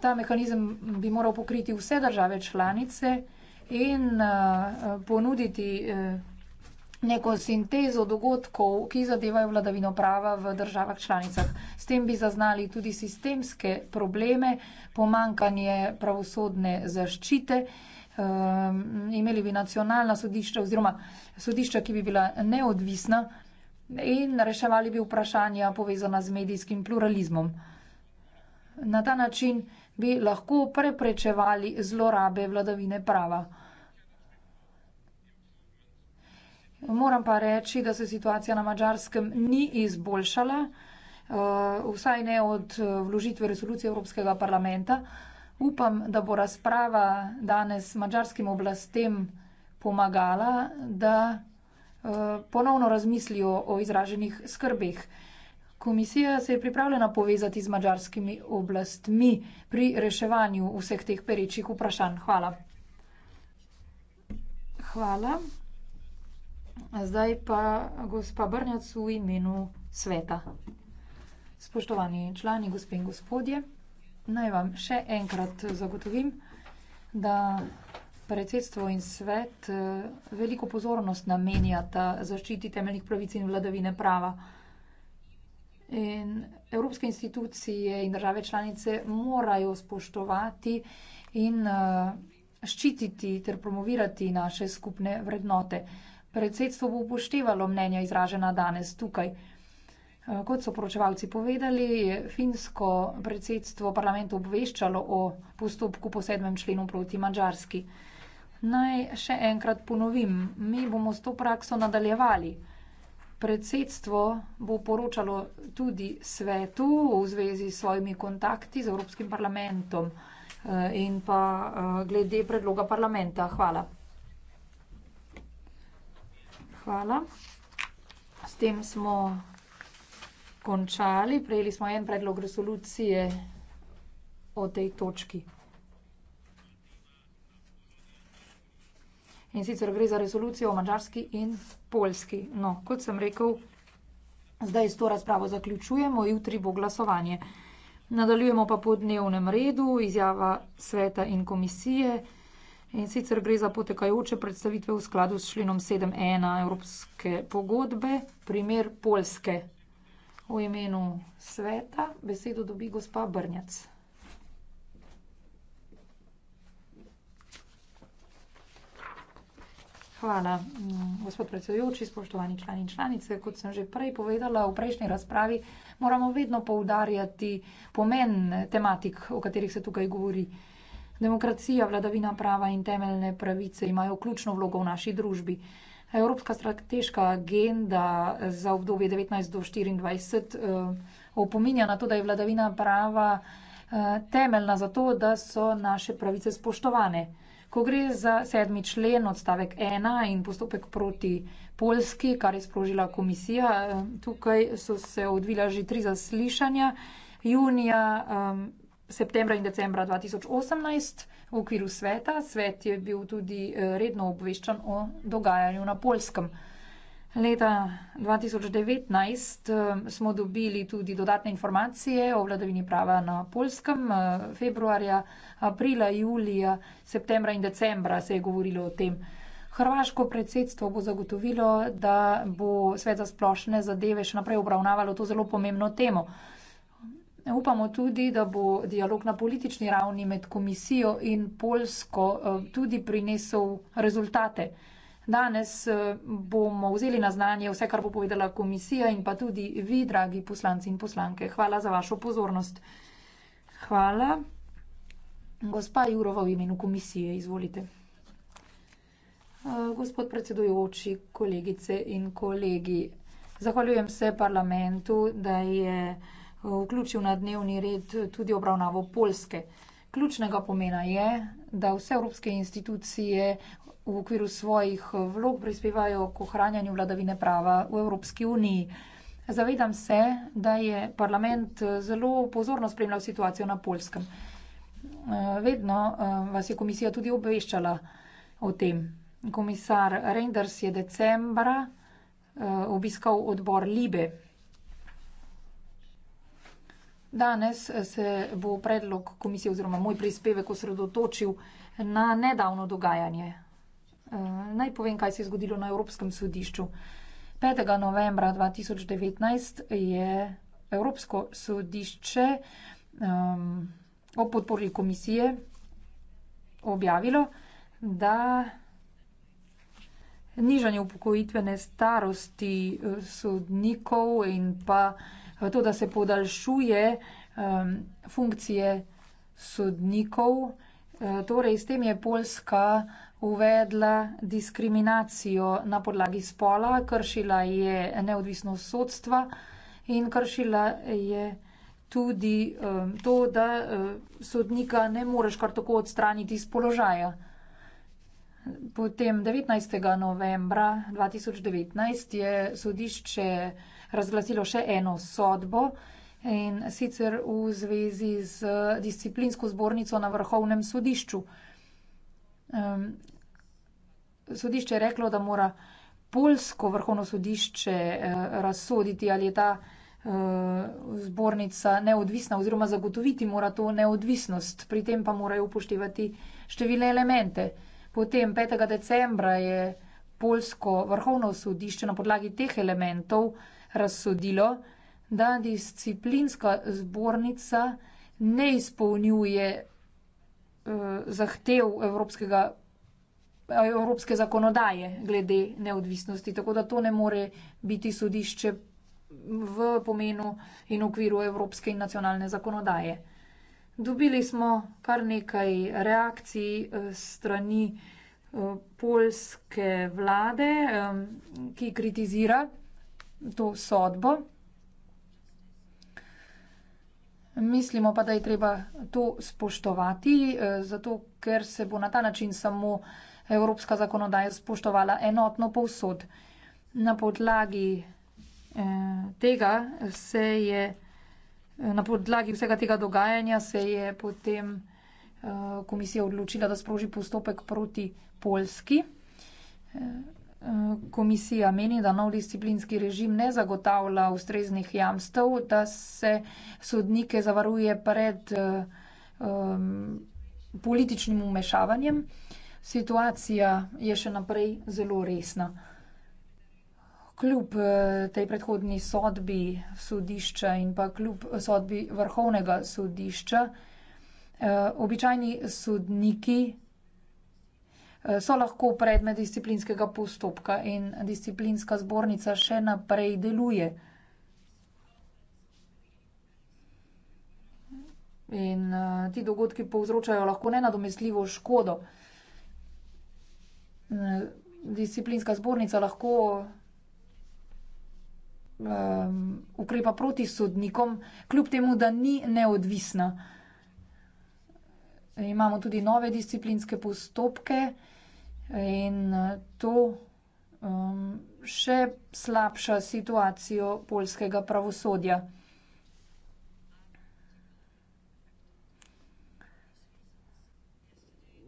Ta mehanizem bi moral pokriti vse države članice in eh, ponuditi eh, neko sintezo dogodkov, ki zadevajo vladavino prava v državah članicah. S tem bi zaznali tudi sistemske probleme, pomankanje pravosodne zaščite, imeli bi nacionalna sodišča oziroma sodišča, ki bi bila neodvisna in reševali bi vprašanja povezana z medijskim pluralizmom. Na ta način bi lahko preprečevali zlorabe vladavine prava. Moram pa reči, da se situacija na mačarskem ni izboljšala, eh, vsaj ne od eh, vložitve resolucije Evropskega parlamenta. Upam, da bo razprava danes mačarskim oblastem pomagala, da. Eh, ponovno razmislijo o izraženih skrbeh. Komisija se je pripravljena povezati z mađarskimi oblastmi pri reševanju vseh teh perečih vprašanj. Hvala. Hvala. Zdaj pa gospa Brnjac v imenu sveta. Spoštovani člani, gospe in gospodje, naj vam še enkrat zagotovim, da predsedstvo in svet eh, veliko pozornost namenjata zaščiti temeljnih pravic in vladavine prava. In evropske institucije in države članice morajo spoštovati in eh, ščititi ter promovirati naše skupne vrednote. Predsedstvo bo upoštevalo mnenja izražena danes tukaj. Eh, kot so poročevalci povedali, je finsko predsedstvo parlamentu obveščalo o postopku po sedmem členu proti Mačarski. Naj še enkrat ponovim, mi bomo s to prakso nadaljevali. Predsedstvo bo poročalo tudi svetu v zvezi s svojimi kontakti z Evropskim parlamentom eh, in pa eh, glede predloga parlamenta. Hvala. Hvala. S tem smo končali. Prejeli smo en predlog resolucije o tej točki. in sicer gre za rezolucijo o mačarski in polski. No, kot sem rekel, zdaj s to razpravo zaključujemo, jutri bo glasovanje. Nadaljujemo pa po dnevnem redu, izjava sveta in komisije. In sicer gre za potekajoče predstavitve v skladu s členom 7.1 Evropske pogodbe, primer Polske. V imenu sveta besedo dobi gospa Brnjac. Hvala, mm, gospod predsedujoči, spoštovani člani in članice. Kot sem že prej povedala v prejšnji razpravi, moramo vedno poudarjati pomen tematik, o katerih se tukaj govori. Demokracija, vladavina prava in temeljne pravice imajo ključno vlogo v naši družbi. Evropska strateška agenda za obdobje 19 do 24 eh, opominja na to, da je vladavina prava eh, temeljna za to, da so naše pravice spoštovane. Ko gre za sedmi člen odstavek ena in postopek proti Polski, kar je sprožila komisija, eh, tukaj so se odvila že tri zaslišanja junija, ehm, septembra in decembra 2018 v okviru sveta. Svet je bil tudi eh, redno obveščan o dogajanju na Polskem. Leta 2019 eh, smo dobili tudi dodatne informacije o vladavini prava na Polskem. Eh, februarja, aprila, julija, septembra in decembra se je govorilo o tem. Hrvaško predsedstvo bo zagotovilo, da bo svet za splošne zadeve še naprej obravnavalo to zelo pomembno temo. Upamo tudi, da bo dialog na politični ravni med komisijo in Polsko eh, tudi prinesel rezultate. Danes eh, bomo vzeli na znanje vse, kar bo povedala komisija in pa tudi vi, dragi poslanci in poslanke. Hvala za vašo pozornost. Hvala. Gospa Jurova v imenu komisije, izvolite. Eh, gospod predsedujoči, kolegice in kolegi, zahvaljujem se parlamentu, da je eh, vključil na dnevni red tudi obravnavo Polske. Ključnega pomena je, da vse evropske institucije v okviru svojih eh, vlog prispevajo k ohranjanju vladavine prava v Evropski uniji. Zavedam se, da je parlament eh, zelo pozorno spremljal situacijo na Polskem. Eh, vedno vas je komisija tudi obveščala o tem. Komisar Reinders je decembra obiskal odbor Libe. Danes se bo predlog komisije oziroma moj prispevek osredotočil na nedavno dogajanje Eh, naj povem, kaj se je zgodilo na Evropskem sodišču. 5. novembra 2019 je Evropsko sodišče um, ehm, o podpori komisije objavilo, da nižanje upokojitvene starosti eh, sodnikov in pa to, da se podaljšuje um, funkcije sodnikov, eh, torej s tem je Poljska uvedla diskriminacijo na podlagi spola, kršila je neodvisnost sodstva in kršila je tudi um, to, da um, sodnika ne moreš kar tako odstraniti iz položaja. Potem 19. novembra 2019 je sodišče razglasilo še eno sodbo in sicer v zvezi z disciplinsko zbornico na vrhovnem sodišču um, sodišče reklo, da mora polsko vrhovno sodišče uh, razsoditi, ali je ta uh, zbornica neodvisna oziroma zagotoviti mora to neodvisnost, pri tem pa morajo upoštevati številne elemente. Potem 5. decembra je polsko vrhovno sodišče na podlagi teh elementov razsodilo, da disciplinska zbornica ne izpolnjuje Eh, zahtev evropskega, evropske zakonodaje glede neodvisnosti. Tako da to ne more biti sodišče v pomenu in okviru evropske in nacionalne zakonodaje. Dobili smo kar nekaj reakcij eh, strani eh, polske vlade, ki kritizira to sodbo. Mislimo pa, da je treba to spoštovati, eh, zato ker se bo na ta način samo evropska zakonodaja spoštovala enotno povsod. Na podlagi eh, tega se je, eh, na podlagi vsega tega dogajanja se je potem komisija odločila, da sproži postopek proti Poljski. Komisija meni, da nov disciplinski režim ne zagotavlja ustreznih jamstev, da se sodnike zavaruje pred um, političnim umešavanjem. Situacija je še naprej zelo resna. Kljub eh, tej predhodni sodbi sodišča in pa kljub sodbi vrhovnega sodišča, eh, običajni sodniki Eh, so lahko predmet disciplinskega postopka in disciplinska zbornica še naprej deluje. In uh, ti dogodki povzročajo lahko nenadomestljivo škodo. Eh, disciplinska zbornica lahko um, ukrepa proti sodnikom, kljub temu, da ni neodvisna imamo tudi nove disciplinske postopke in eh, to um, še slabša situacijo polskega pravosodja.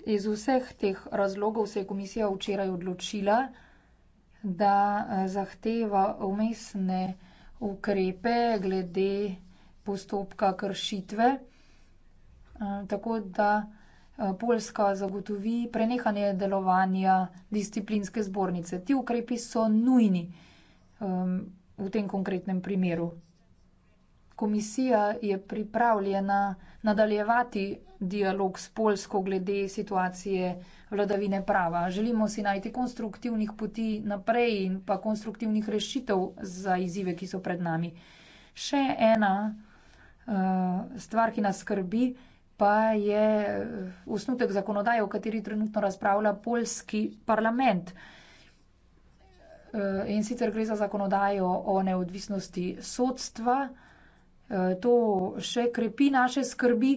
Iz vseh teh razlogov se je komisija včeraj odločila, da eh, zahteva umestne ukrepe glede postopka kršitve. Eh, tako da eh, Poljska zagotovi prenehanje delovanja disciplinske zbornice. Ti ukrepi so nujni ehm, v tem konkretnem primeru. Komisija je pripravljena nadaljevati dialog s Poljsko glede situacije vladavine prava. Želimo si najti konstruktivnih poti naprej in pa konstruktivnih rešitev za izzive, ki so pred nami. Še ena uh, stvar, ki nas skrbi, uh, pa je eh, osnutek zakonodaje, o kateri trenutno razpravlja polski parlament. Eh, in sicer gre za zakonodajo o neodvisnosti sodstva. Eh, to še krepi naše skrbi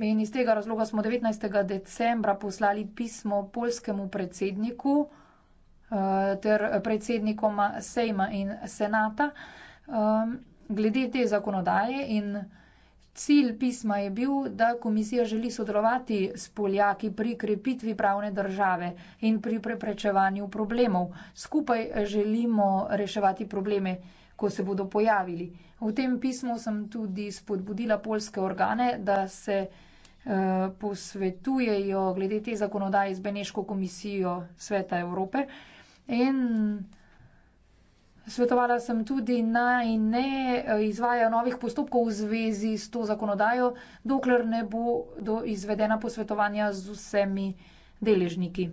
in iz tega razloga smo 19. decembra poslali pismo polskemu predsedniku ter predsednikoma Sejma in Senata glede te zakonodaje in Cilj pisma je bil, da komisija želi sodelovati s Poljaki pri krepitvi pravne države in pri preprečevanju problemov. Skupaj želimo reševati probleme, ko se bodo pojavili. V tem pismu sem tudi spodbudila polske organe, da se eh, posvetujejo glede te zakonodaje z Beneško komisijo Sveta Evrope in Svetovala sem tudi naj ne eh, izvajajo novih postopkov v zvezi s to zakonodajo, dokler ne bo do izvedena posvetovanja z vsemi deležniki.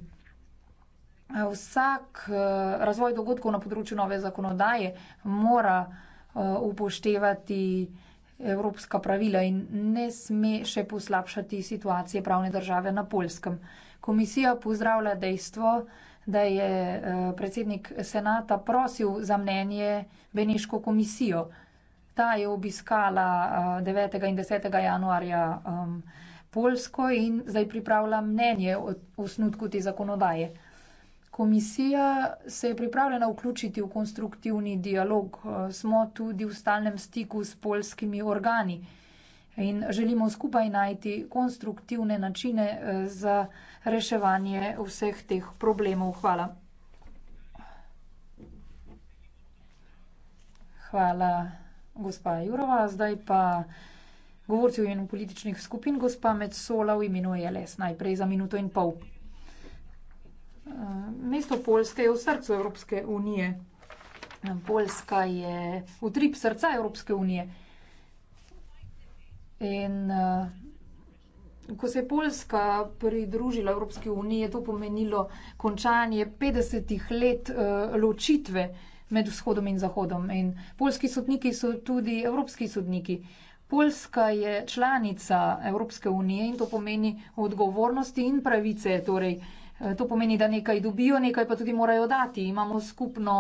Eh, vsak eh, razvoj dogodkov na področju nove zakonodaje mora upoštevati evropska pravila in ne sme še poslabšati situacije pravne države na polskem. Komisija pozdravlja dejstvo, da je eh, predsednik senata prosil za mnenje Beneško komisijo. Ta je obiskala 9. Eh, in 10. januarja Polsko in zdaj pripravlja mnenje o osnutku te zakonodaje. Komisija se je pripravljena vključiti v konstruktivni dialog. Eh, smo tudi v stalnem stiku s polskimi organi in želimo skupaj najti konstruktivne načine eh, za reševanje vseh teh problemov. Hvala. Hvala, gospa Jurova. Zdaj pa govorci v imenu političnih skupin, gospa Metsola v imenu ELS. Najprej za minuto in pol. Eh, mesto Poljske je v srcu Evropske unije. Poljska je utrip srca Evropske unije. In uh, ko se je Poljska pridružila Evropski uniji, je to pomenilo končanje 50 let uh, ločitve med vzhodom in zahodom. In poljski sodniki so tudi evropski sodniki. Poljska je članica Evropske unije in to pomeni odgovornosti in pravice. Torej, eh, to pomeni, da nekaj dobijo, nekaj pa tudi morajo dati. Imamo skupno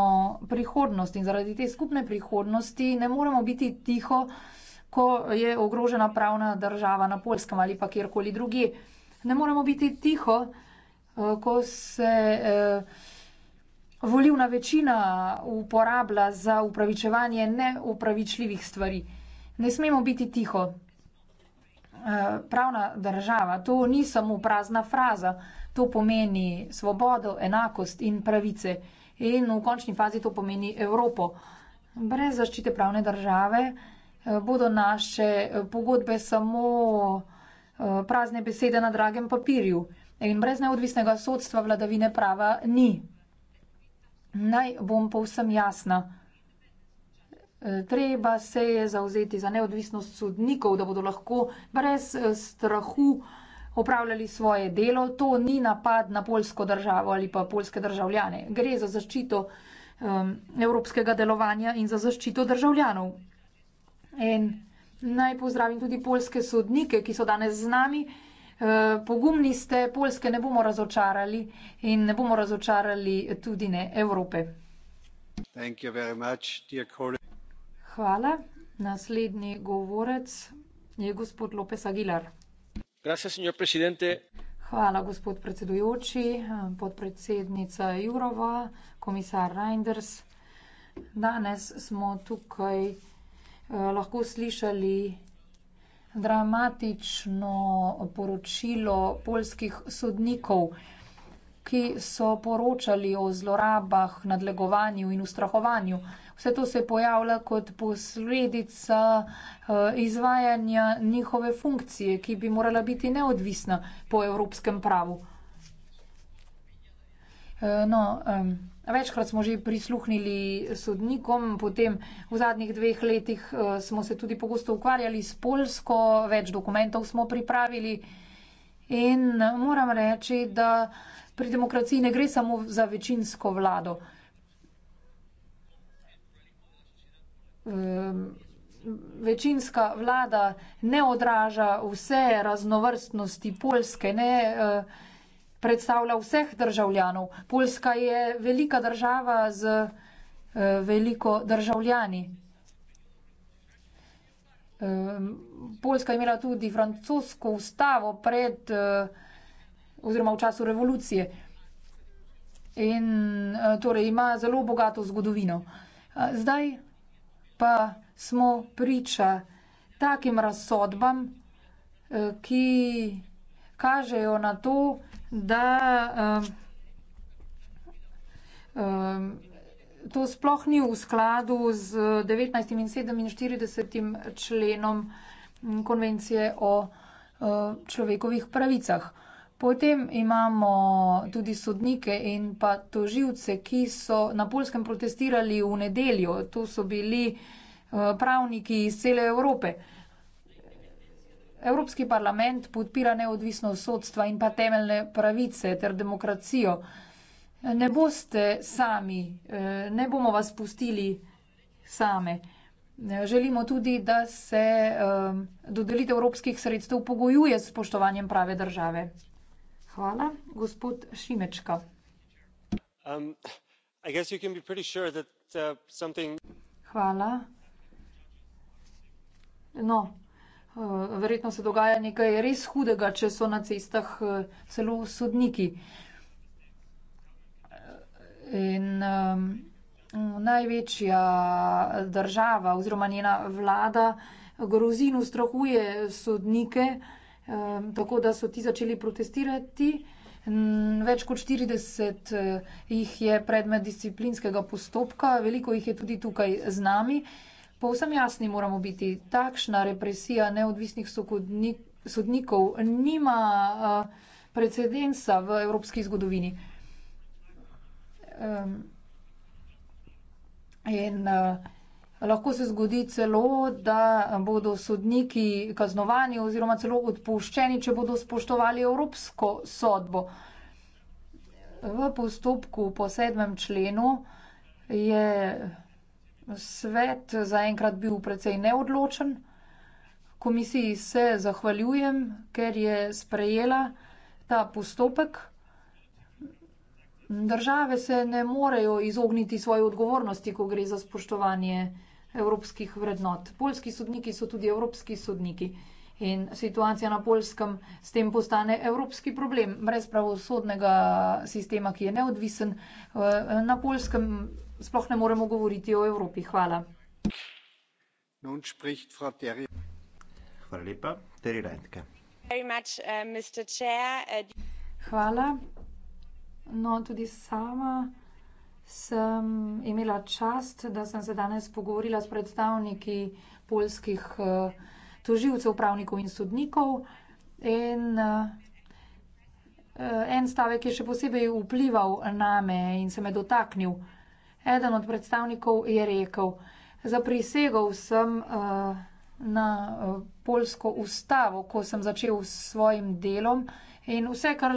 prihodnost in zaradi te skupne prihodnosti ne moremo biti tiho, uh, ko je ogrožena pravna država na Polskem ali pa kjerkoli drugi. Ne moremo biti tiho, eh, ko se eh, volivna večina uporablja za upravičevanje neupravičljivih stvari. Ne smemo biti tiho. Eh, pravna država, to ni samo prazna fraza, to pomeni svobodo, enakost in pravice. In v končni fazi to pomeni Evropo. Brez zaščite pravne države bodo naše eh, pogodbe samo eh, prazne besede na dragem papirju. In brez neodvisnega sodstva vladavine prava ni. Naj bom povsem jasna. Eh, treba se je zauzeti za neodvisnost sodnikov, da bodo lahko brez strahu opravljali svoje delo. To ni napad na polsko državo ali pa polske državljane. Gre za zaščito um, evropskega delovanja in za zaščito državljanov. In naj pozdravim tudi polske sodnike, ki so danes z nami. Eh, pogumni ste, Polske ne bomo razočarali in ne bomo razočarali tudi ne Evrope. Thank you very much, dear Hvala. Naslednji govorec je gospod Lopes Aguilar. Gracias, señor presidente. Hvala, gospod predsedujoči, podpredsednica Jurova, komisar Reinders. Danes smo tukaj Eh, lahko slišali dramatično poročilo polskih sodnikov, ki so poročali o zlorabah, nadlegovanju in ustrahovanju. Vse to se pojavlja kot posledica eh, izvajanja njihove funkcije, ki bi morala biti neodvisna po evropskem pravu. Eh, no, um, Večkrat smo že prisluhnili sodnikom, potem v zadnjih dveh letih eh, smo se tudi pogosto ukvarjali s Polsko, več dokumentov smo pripravili in eh, moram reči, da pri demokraciji ne gre samo za večinsko vlado. Ehm, večinska vlada ne odraža vse raznovrstnosti Polske, ne odraža. Eh, predstavlja vseh državljanov. Poljska je velika država z eh, veliko državljani. Ehm, Poljska je imela tudi francosko ustavo pred eh, oziroma v času revolucije in eh, torej ima zelo bogato zgodovino. Zdaj pa smo priča takim razsodbam, ki kažejo na to, da je vse, da um, um, to sploh ni v skladu z 19. in 47. členom mm, konvencije o uh, človekovih pravicah. Potem imamo tudi sodnike in pa toživce, ki so na polskem protestirali v nedeljo. To so bili uh, pravniki iz cele Evrope. Uh, Evropski parlament podpira neodvisnost sodstva in pa temeljne pravice ter demokracijo. Ne boste sami, eh, ne bomo vas pustili same. Želimo tudi, da se eh, dodelitev evropskih sredstev pogojuje s spoštovanjem prave države. Hvala, gospod Šimečka. Um, sure that, uh, something... Hvala. No, Eh, verjetno se dogaja nekaj res hudega, če so na cestah eh, celo sodniki. In um, največja država oziroma njena vlada grozin ustrahuje sodnike, um, tako da so ti začeli protestirati. Več kot 40 eh, jih je predmet disciplinskega postopka, veliko jih je tudi tukaj z nami. Uh, Povsem jasni moramo biti, takšna represija neodvisnih sodnikov nima eh, precedensa v evropski zgodovini. In eh, lahko se zgodi celo, da bodo sodniki kaznovani oziroma celo odpuščeni, če bodo spoštovali evropsko sodbo. V postopku po sedmem členu je svet zaenkrat bil precej neodločen. Komisiji se zahvaljujem, ker je sprejela ta postopek. Države se ne morejo izogniti svoje odgovornosti, ko gre za spoštovanje evropskih vrednot. Polski sodniki so tudi evropski sodniki in situacija na polskem s tem postane evropski problem. Brez pravosodnega sistema, ki je neodvisen, eh, na polskem sploh ne moremo govoriti o Evropi. Hvala. Uh, uh, Hvala. No, tudi sama sem imela čast, da sem se danes pogovorila s predstavniki polskih uh, tožilcev, pravnikov in sodnikov. In en stavek je še posebej vplival name in se me dotaknil. Eden od predstavnikov je rekel, zaprisegal sem uh, na uh, eh, polsko ustavo, ko sem začel s svojim delom in vse, kar